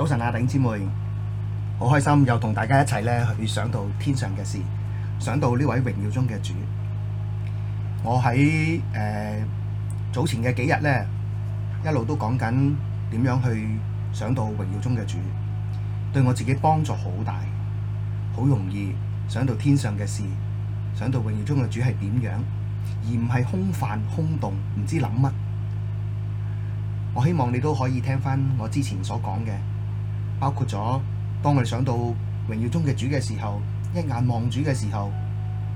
早晨阿弟兄姊妹，好開心又同大家一齊咧，去想到天上嘅事，想到呢位榮耀中嘅主。我喺誒、呃、早前嘅幾日咧，一路都講緊點樣去想到榮耀中嘅主，對我自己幫助好大，好容易想到天上嘅事，想到榮耀中嘅主係點樣，而唔係空泛空洞，唔知諗乜。我希望你都可以聽翻我之前所講嘅。包括咗，當我哋想到榮耀中嘅主嘅時候，一眼望主嘅時候，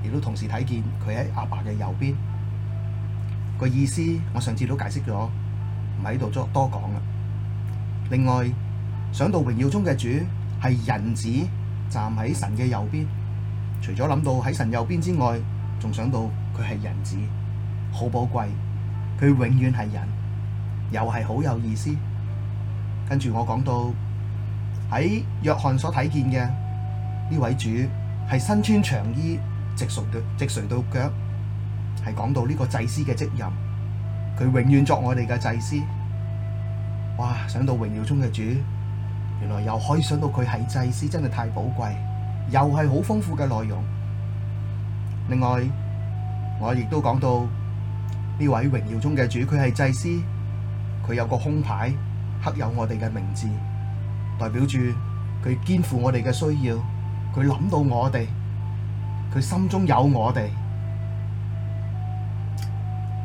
亦都同時睇見佢喺阿爸嘅右邊。個意思我上次都解釋咗，唔喺度多多講啦。另外，想到榮耀中嘅主係人子站喺神嘅右邊，除咗諗到喺神右邊之外，仲想到佢係人子，好寶貴，佢永遠係人，又係好有意思。跟住我講到。喺約翰所睇見嘅呢位主係身穿長衣，直垂到直垂到腳，係講到呢個祭司嘅職任，佢永遠作我哋嘅祭司。哇！想到榮耀中嘅主，原來又可以想到佢係祭司，真係太寶貴，又係好豐富嘅內容。另外，我亦都講到呢位榮耀中嘅主，佢係祭司，佢有個胸牌刻有我哋嘅名字。代表住佢肩負我哋嘅需要，佢諗到我哋，佢心中有我哋。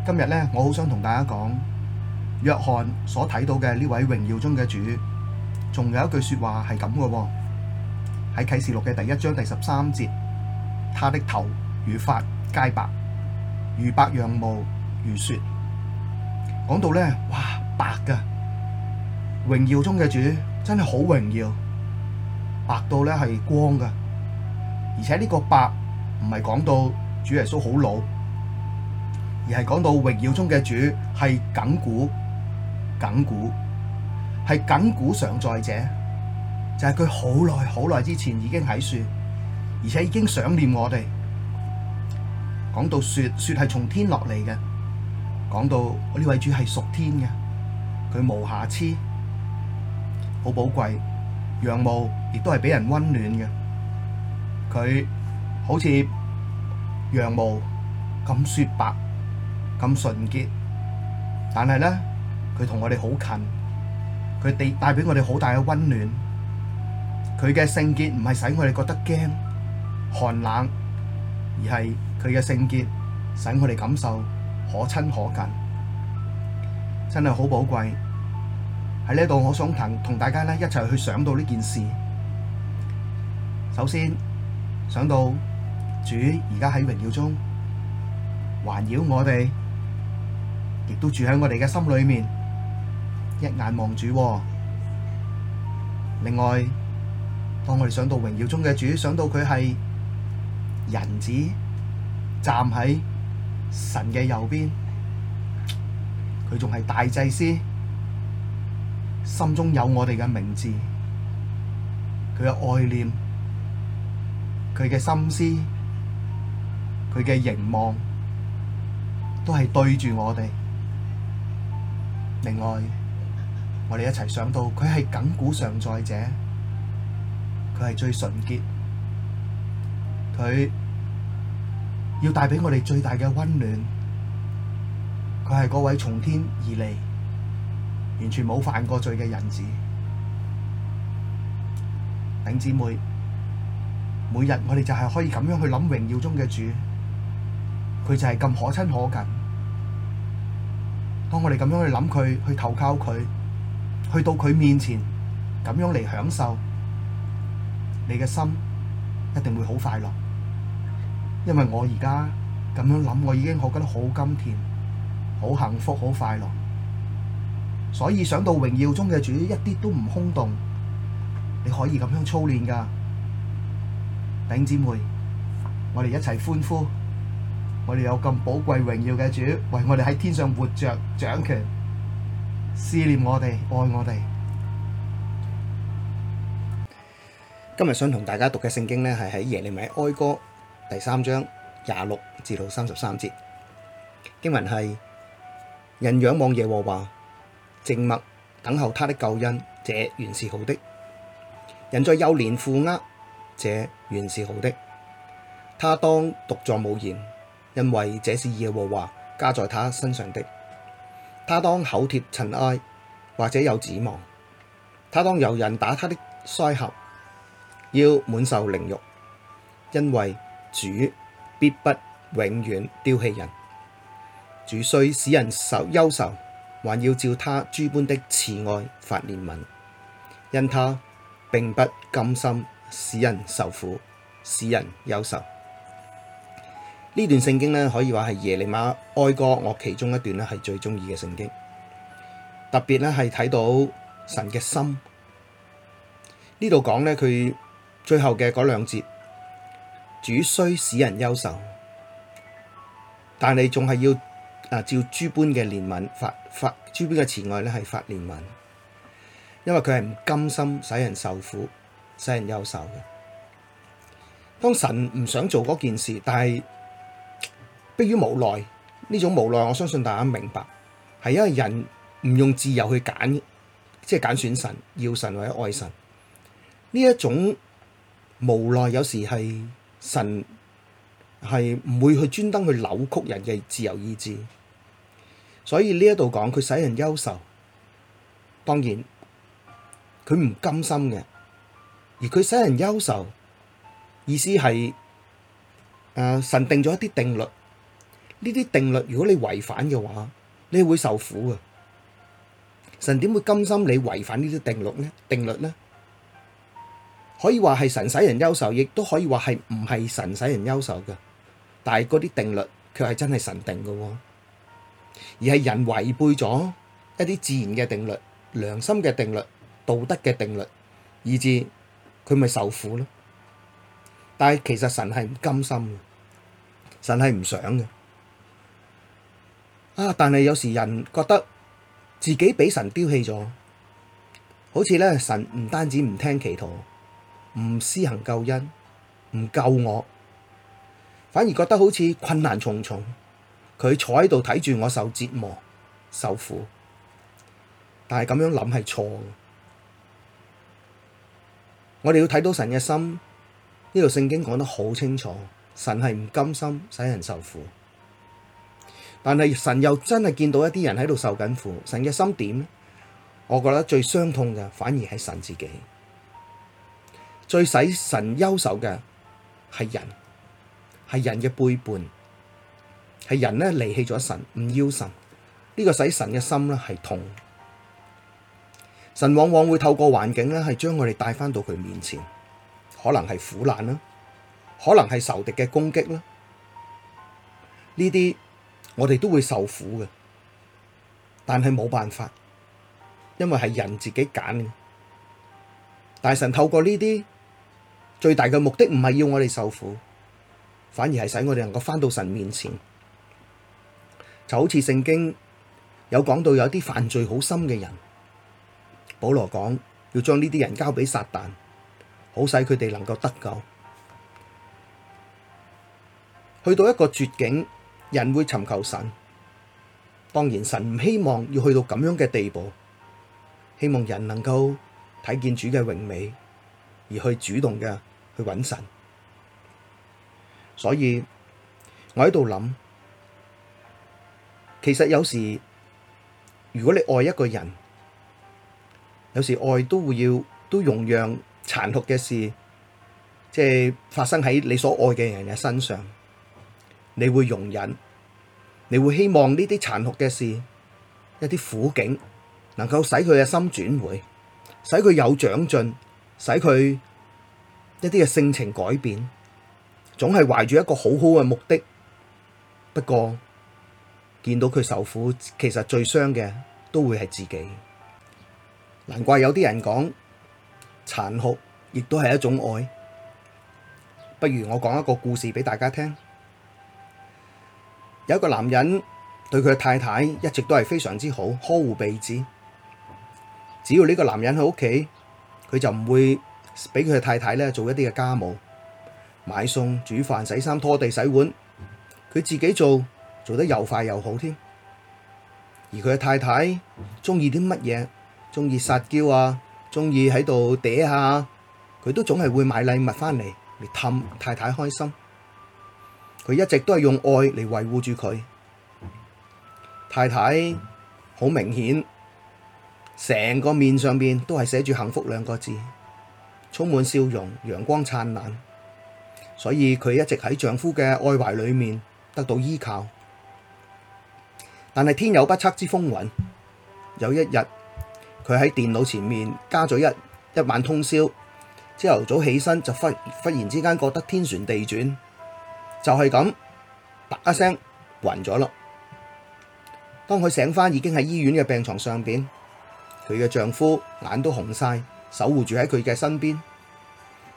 今日呢，我好想同大家講，約翰所睇到嘅呢位榮耀中嘅主，仲有一句說話係咁嘅喎。喺啟示錄嘅第一章第十三節，他的頭與髮皆白，如白羊毛，如雪。講到呢，哇，白嘅啊，榮耀中嘅主。真係好榮耀，白到咧係光噶，而且呢個白唔係講到主耶穌好老，而係講到榮耀中嘅主係亘古，亘古係亘古常在者，就係佢好耐好耐之前已經喺度，而且已經想念我哋。講到雪，雪係從天落嚟嘅，講到我呢位主係屬天嘅，佢無瑕疵。好寶貴，羊毛亦都係俾人溫暖嘅。佢好似羊毛咁雪白，咁純潔，但係咧，佢同我哋好近，佢哋帶俾我哋好大嘅溫暖。佢嘅聖潔唔係使我哋覺得驚寒冷，而係佢嘅聖潔使我哋感受可親可近，真係好寶貴。喺呢度，我想同大家一齊去想到呢件事。首先想到主而家喺榮耀中環繞我哋，亦都住喺我哋嘅心裏面，一眼望住。另外，當我哋想到榮耀中嘅主，想到佢係人子，站喺神嘅右邊，佢仲係大祭司。心中有我哋嘅名字，佢嘅愛念，佢嘅心思，佢嘅凝望，都係對住我哋。另外，我哋一齊想到，佢係亘古常在者，佢係最純潔，佢要帶畀我哋最大嘅溫暖，佢係嗰位從天而嚟完全冇犯過罪嘅人子，弟兄姊妹，每日我哋就係可以咁樣去諗榮耀中嘅主，佢就係咁可親可近。當我哋咁樣去諗佢，去投靠佢，去到佢面前，咁樣嚟享受，你嘅心一定會好快樂。因為我而家咁樣諗，我已經我覺得好甘甜，好幸福，好快樂。所以想到榮耀中嘅主，一啲都唔空洞。你可以咁樣操練㗎，頂姊妹，我哋一齊歡呼，我哋有咁寶貴榮耀嘅主，為我哋喺天上活着掌權，思念我哋愛我哋。今日想同大家讀嘅聖經呢，係喺耶利米哀歌第三章廿六至到三十三節，經文係人仰望耶和華。靜默等候他的救恩，這原是好的；人在幼年負軛，這原是好的。他當獨坐無言，因為這是耶和華加在他身上的。他當口貼塵埃，或者有指望；他當由人打他的腮頰，要滿受凌辱，因為主必不永遠丟棄人，主雖使人受憂愁。還要照他諸般的慈愛發憐憫，因他並不甘心使人受苦，使人憂愁。呢段聖經咧，可以話係耶利米哀歌我其中一段咧，係最鍾意嘅聖經。特別咧係睇到神嘅心。呢度講呢，佢最後嘅嗰兩節，主雖使人憂愁，但你仲係要。啊！照諸般嘅憐憫，發發諸般嘅慈愛咧，係發憐憫，因為佢係唔甘心使人受苦、使人憂愁嘅。當神唔想做嗰件事，但係迫於無奈，呢種無奈，我相信大家明白，係因為人唔用自由去揀，即係揀選神、要神或者愛神，呢一種無奈，有時係神係唔會去專登去扭曲人嘅自由意志。所以呢一度講佢使人憂愁，當然佢唔甘心嘅，而佢使人憂愁意思係、呃，神定咗一啲定律，呢啲定律如果你違反嘅話，你會受苦嘅。神點會甘心你違反呢啲定律呢？定律呢？可以話係神使人憂愁，亦都可以話係唔係神使人憂愁嘅，但係嗰啲定律卻係真係神定嘅喎、哦。而係人違背咗一啲自然嘅定律、良心嘅定律、道德嘅定律，以至佢咪受苦咯？但係其實神係唔甘心嘅，神係唔想嘅。啊！但係有時人覺得自己俾神丟棄咗，好似咧神唔單止唔聽祈禱，唔施行救恩，唔救我，反而覺得好似困難重重。佢坐喺度睇住我受折磨、受苦，但係咁樣諗係錯。我哋要睇到神嘅心，呢度聖經講得好清楚，神係唔甘心使人受苦。但係神又真係見到一啲人喺度受緊苦，神嘅心點咧？我覺得最傷痛嘅反而係神自己，最使神憂愁嘅係人，係人嘅背叛。係人呢，離棄咗神，唔要神，呢、呢個使神嘅心呢係痛。神往往會透過環境呢係將我哋帶翻到佢面前，可能係苦難啦，可能係仇敵嘅攻擊啦，呢啲我哋都會受苦嘅，但係冇辦法，因為係人自己揀。大神透過呢啲最大嘅目的唔係要我哋受苦，反而係使我哋能夠翻到神面前。就好似聖經有講到有啲犯罪好深嘅人，保羅講要將呢啲人交俾撒旦，好使佢哋能夠得救。去到一個絕境，人會尋求神。當然神唔希望要去到咁樣嘅地步，希望人能夠睇見主嘅榮美，而去主動嘅去揾神。所以我喺度諗。其實有時，如果你愛一個人，有時愛都會要都容讓殘酷嘅事，即係發生喺你所愛嘅人嘅身上，你會容忍，你會希望呢啲殘酷嘅事，一啲苦境能夠使佢嘅心轉回，使佢有長進，使佢一啲嘅性情改變，總係懷住一個好好嘅目的。不過，見到佢受苦，其實最傷嘅都會係自己。難怪有啲人講殘酷，亦都係一種愛。不如我講一個故事俾大家聽。有一個男人對佢嘅太太一直都係非常之好，呵護備至。只要呢個男人喺屋企，佢就唔會俾佢嘅太太咧做一啲嘅家務，買餸、煮飯、洗衫、拖地、洗碗，佢自己做。做得又快又好添，而佢嘅太太鍾意啲乜嘢？鍾意撒嬌啊，鍾意喺度嗲下，佢都總係會買禮物返嚟嚟氹太太開心。佢一直都係用愛嚟維護住佢太太，好明顯，成個面上面都係寫住幸福兩個字，充滿笑容，陽光燦爛，所以佢一直喺丈夫嘅愛懷裏面得到依靠。但係天有不測之風雲，有一日佢喺電腦前面加咗一一晚通宵，朝頭早起身就忽忽然之間覺得天旋地轉，就係咁，啪一聲暈咗咯。當佢醒翻，已經喺醫院嘅病床上邊，佢嘅丈夫眼都紅晒，守護住喺佢嘅身邊。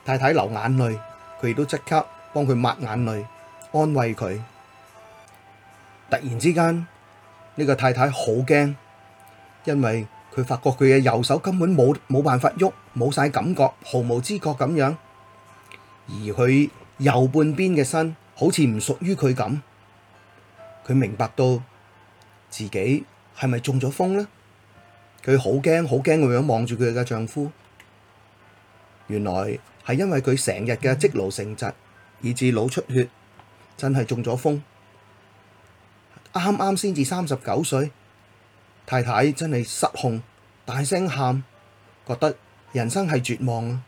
太太流眼淚，佢亦都即刻幫佢抹眼淚，安慰佢。突然之間。呢個太太好驚，因為佢發覺佢嘅右手根本冇冇辦法喐，冇晒感覺，毫無知覺咁樣。而佢右半邊嘅身好似唔屬於佢咁，佢明白到自己係咪中咗風呢？佢好驚好驚咁樣望住佢嘅丈夫。原來係因為佢成日嘅積勞成疾，以至腦出血，真係中咗風。啱啱先至三十九歲，太太真係失控，大聲喊，覺得人生係絕望啊！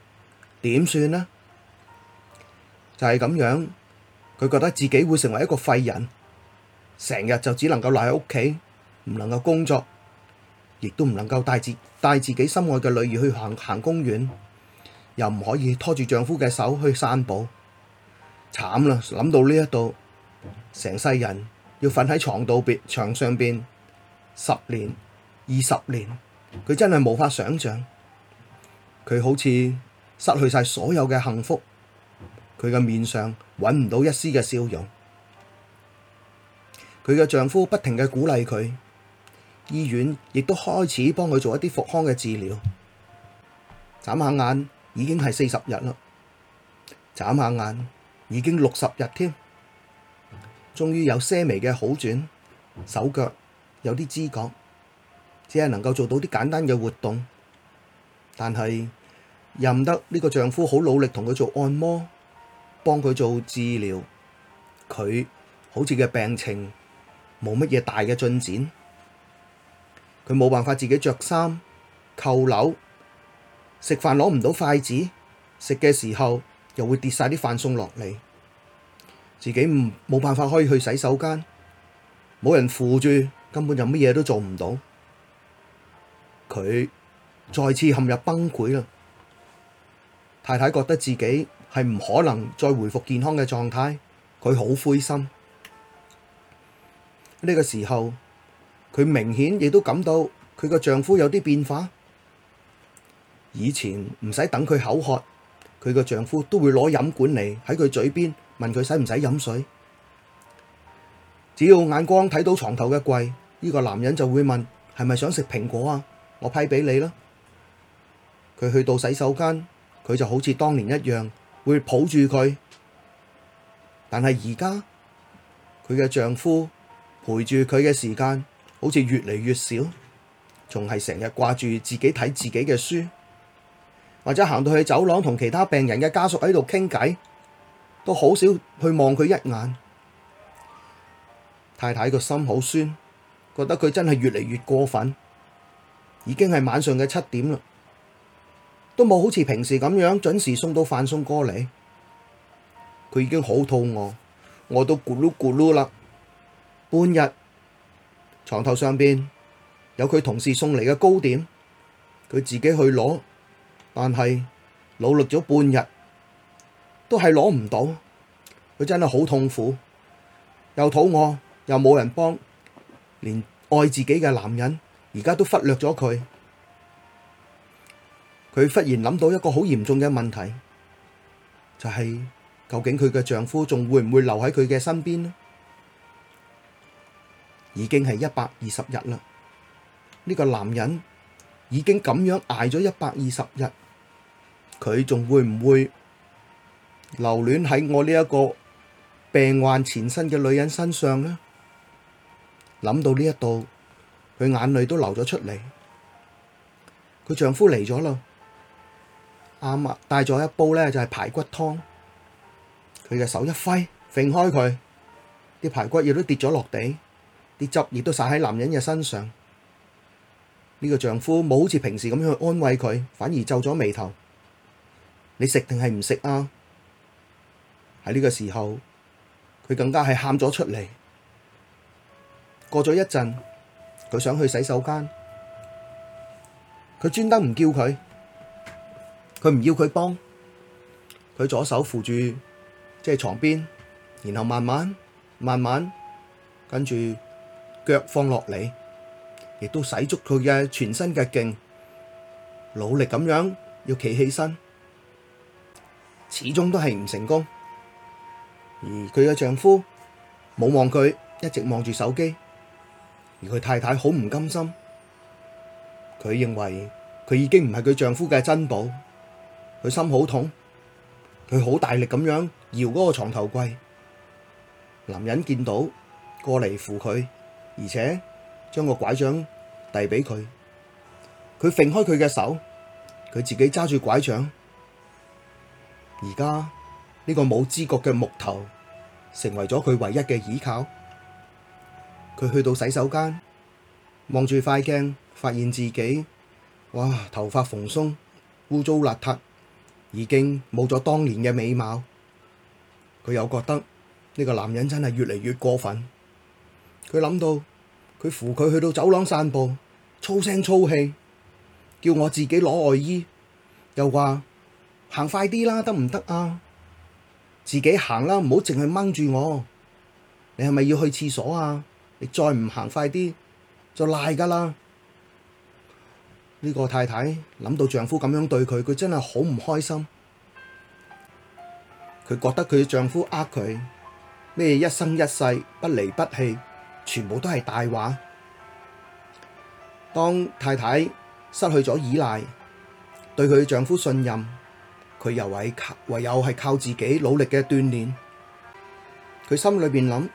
點算咧？就係咁樣，佢覺得自己會成為一個廢人，成日就只能夠留喺屋企，唔能夠工作，亦都唔能夠帶自帶自己心愛嘅女兒去行行公園，又唔可以拖住丈夫嘅手去散步，慘啦！諗到呢一度，成世人。要瞓喺床度邊，床上邊十年、二十年，佢真係無法想象，佢好似失去晒所有嘅幸福，佢嘅面上揾唔到一絲嘅笑容。佢嘅丈夫不停嘅鼓勵佢，醫院亦都開始幫佢做一啲復康嘅治療。眨下眼已經係四十日啦，眨下眼已經六十日添。終於有些微嘅好轉，手腳有啲知覺，只係能夠做到啲簡單嘅活動。但係任得呢個丈夫好努力同佢做按摩，幫佢做治療，佢好似嘅病情冇乜嘢大嘅進展。佢冇辦法自己着衫、扣鈕、食飯，攞唔到筷子，食嘅時候又會跌晒啲飯餸落嚟。自己唔冇辦法可以去洗手間，冇人扶住，根本就乜嘢都做唔到。佢再次陷入崩潰啦！太太覺得自己係唔可能再回復健康嘅狀態，佢好灰心。呢個時候，佢明顯亦都感到佢個丈夫有啲變化。以前唔使等佢口渴，佢個丈夫都會攞飲管嚟喺佢嘴邊。問佢使唔使飲水？只要眼光睇到床頭嘅櫃，呢個男人就會問係咪想食蘋果啊？我批俾你啦。佢去到洗手間，佢就好似當年一樣會抱住佢，但係而家佢嘅丈夫陪住佢嘅時間好似越嚟越少，仲係成日掛住自己睇自己嘅書，或者行到去走廊同其他病人嘅家屬喺度傾偈。都好少去望佢一眼，太太個心好酸，覺得佢真係越嚟越過分，已經係晚上嘅七點啦，都冇好似平時咁樣准時送到飯送過嚟，佢已經好肚餓，餓到咕嚕咕嚕啦，半日床頭上邊有佢同事送嚟嘅糕點，佢自己去攞，但係努力咗半日。都係攞唔到，佢真係好痛苦，又肚餓，又冇人幫，連愛自己嘅男人而家都忽略咗佢。佢忽然諗到一個好嚴重嘅問題，就係究竟佢嘅丈夫仲會唔會留喺佢嘅身邊呢？已經係一百二十日啦，呢個男人已經咁樣捱咗一百二十日，佢仲會唔會？留戀喺我呢一個病患纏身嘅女人身上呢？諗到呢一度，佢眼淚都流咗出嚟。佢丈夫嚟咗啦，阿嫲帶咗一煲呢就係、是、排骨湯。佢嘅手一揮，揈開佢，啲排骨亦都跌咗落地，啲汁亦都灑喺男人嘅身上。呢、這個丈夫冇好似平時咁樣去安慰佢，反而皺咗眉頭。你食定係唔食啊？喺呢個時候，佢更加係喊咗出嚟。過咗一陣，佢想去洗手間，佢專登唔叫佢，佢唔要佢幫。佢左手扶住即係床邊，然後慢慢慢慢跟住腳放落嚟，亦都使足佢嘅全身嘅勁，努力咁樣要企起身，始終都係唔成功。而佢嘅丈夫冇望佢，一直望住手機。而佢太太好唔甘心，佢認為佢已經唔係佢丈夫嘅珍寶，佢心好痛，佢好大力咁樣搖嗰個床頭櫃。男人見到，過嚟扶佢，而且將個拐杖遞俾佢。佢甩開佢嘅手，佢自己揸住拐杖。而家。呢個冇知覺嘅木頭成為咗佢唯一嘅依靠。佢去到洗手間，望住塊鏡，發現自己哇，頭髮蓬鬆，污糟邋遢，已經冇咗當年嘅美貌。佢又覺得呢個男人真係越嚟越過分。佢諗到佢扶佢去到走廊散步，粗聲粗氣叫我自己攞外衣，又話行快啲啦，得唔得啊？自己行啦，唔好淨係掹住我。你係咪要去廁所啊？你再唔行快啲，就賴噶啦！呢個太太諗到丈夫咁樣對佢，佢真係好唔開心。佢覺得佢丈夫呃佢咩一生一世不離不棄，全部都係大話。當太太失去咗依賴，對佢丈夫信任。佢又係唯有係靠自己努力嘅鍛煉，佢心裏邊諗：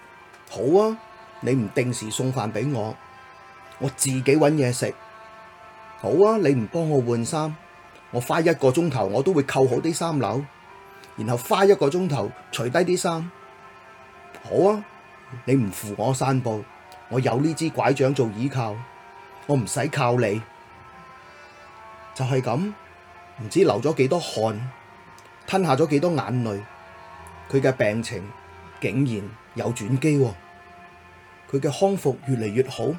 好啊，你唔定時送飯畀我，我自己揾嘢食。好啊，你唔幫我換衫，我花一個鐘頭我都會扣好啲衫樓，然後花一個鐘頭除低啲衫。好啊，你唔扶我散步，我有呢支拐杖做倚靠，我唔使靠你。就係咁，唔知流咗幾多汗。吞下咗幾多眼淚，佢嘅病情竟然有轉機喎，佢嘅康復越嚟越好。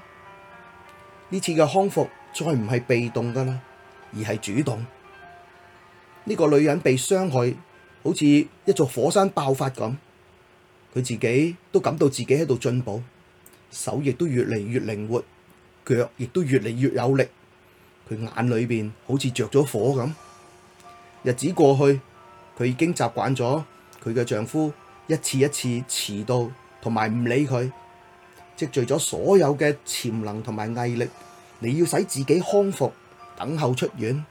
呢次嘅康復再唔係被動噶啦，而係主動。呢、呢個女人被傷害，好似一座火山爆發咁，佢自己都感到自己喺度進步，手亦都越嚟越靈活，腳亦都越嚟越有力。佢眼裏邊好似着咗火咁，日子過去。佢已經習慣咗佢嘅丈夫一次一次遲到同埋唔理佢，積聚咗所有嘅潛能同埋毅力。你要使自己康復，等候出院，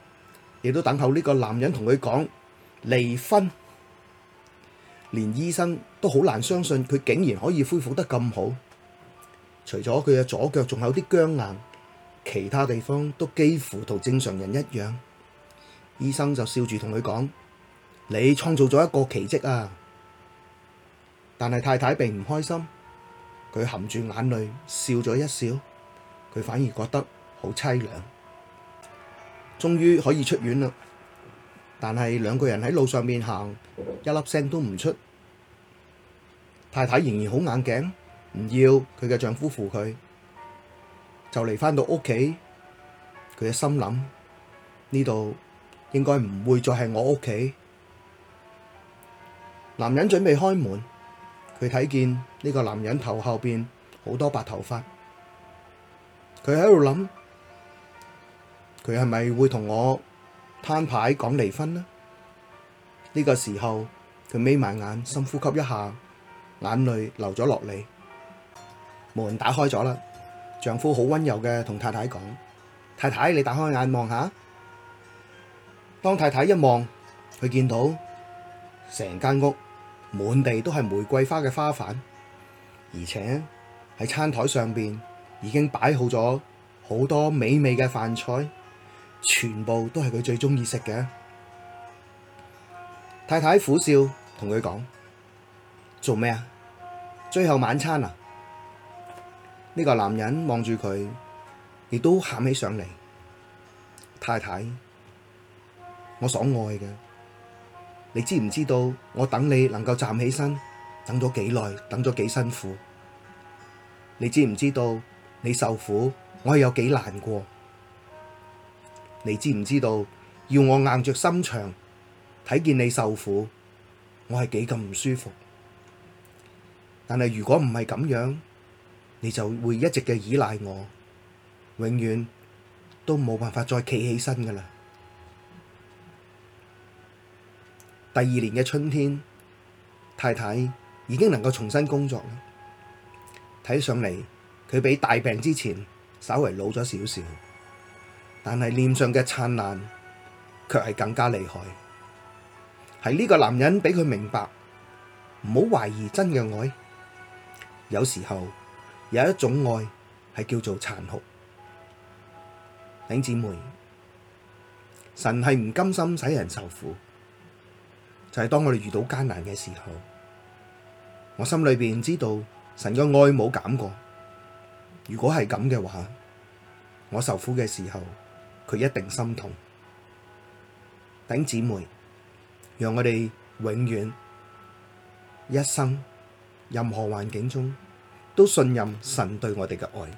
亦都等候呢個男人同佢講離婚。連醫生都好難相信佢竟然可以恢復得咁好，除咗佢嘅左腳仲有啲僵硬，其他地方都幾乎同正常人一樣。醫生就笑住同佢講：你創造咗一個奇蹟啊！但係太太並唔開心，佢含住眼淚笑咗一笑，佢反而覺得好凄涼。終於可以出院啦，但係兩個人喺路上面行，一粒聲都唔出。太太仍然好硬頸，唔要佢嘅丈夫扶佢，就嚟返到屋企，佢嘅心諗，呢度應該唔會再係我屋企。男人準備開門，佢睇見呢個男人頭後邊好多白頭髮，佢喺度諗，佢係咪會同我攤牌講離婚呢？呢個時候，佢眯埋眼，深呼吸一下，眼淚流咗落嚟。門打開咗啦，丈夫好溫柔嘅同太太講：太太，你打開眼望下。當太太一望，佢見到成間屋。滿地都係玫瑰花嘅花瓣，而且喺餐台上邊已經擺好咗好多美味嘅飯菜，全部都係佢最中意食嘅。太太苦笑同佢講：做咩啊？最後晚餐啊！呢個男人望住佢，亦都喊起上嚟。太太，我所愛嘅。你知唔知道我等你能夠站起身，等咗幾耐，等咗幾辛苦？你知唔知道你受苦，我係有幾難過？你知唔知道要我硬着心腸睇見你受苦，我係幾咁唔舒服？但係如果唔係咁樣，你就會一直嘅依賴我，永遠都冇辦法再企起身噶啦。第二年嘅春天，太太已經能夠重新工作啦。睇上嚟，佢比大病之前稍為老咗少少，但係臉上嘅燦爛卻係更加厲害。係呢個男人俾佢明白，唔好懷疑真嘅愛。有時候有一種愛係叫做殘酷。弟兄姊妹，神係唔甘心使人受苦。就係當我哋遇到艱難嘅時候，我心裏邊知道神嘅愛冇減過。如果係咁嘅話，我受苦嘅時候，佢一定心痛。頂姊妹，讓我哋永遠一生任何環境中都信任神對我哋嘅愛。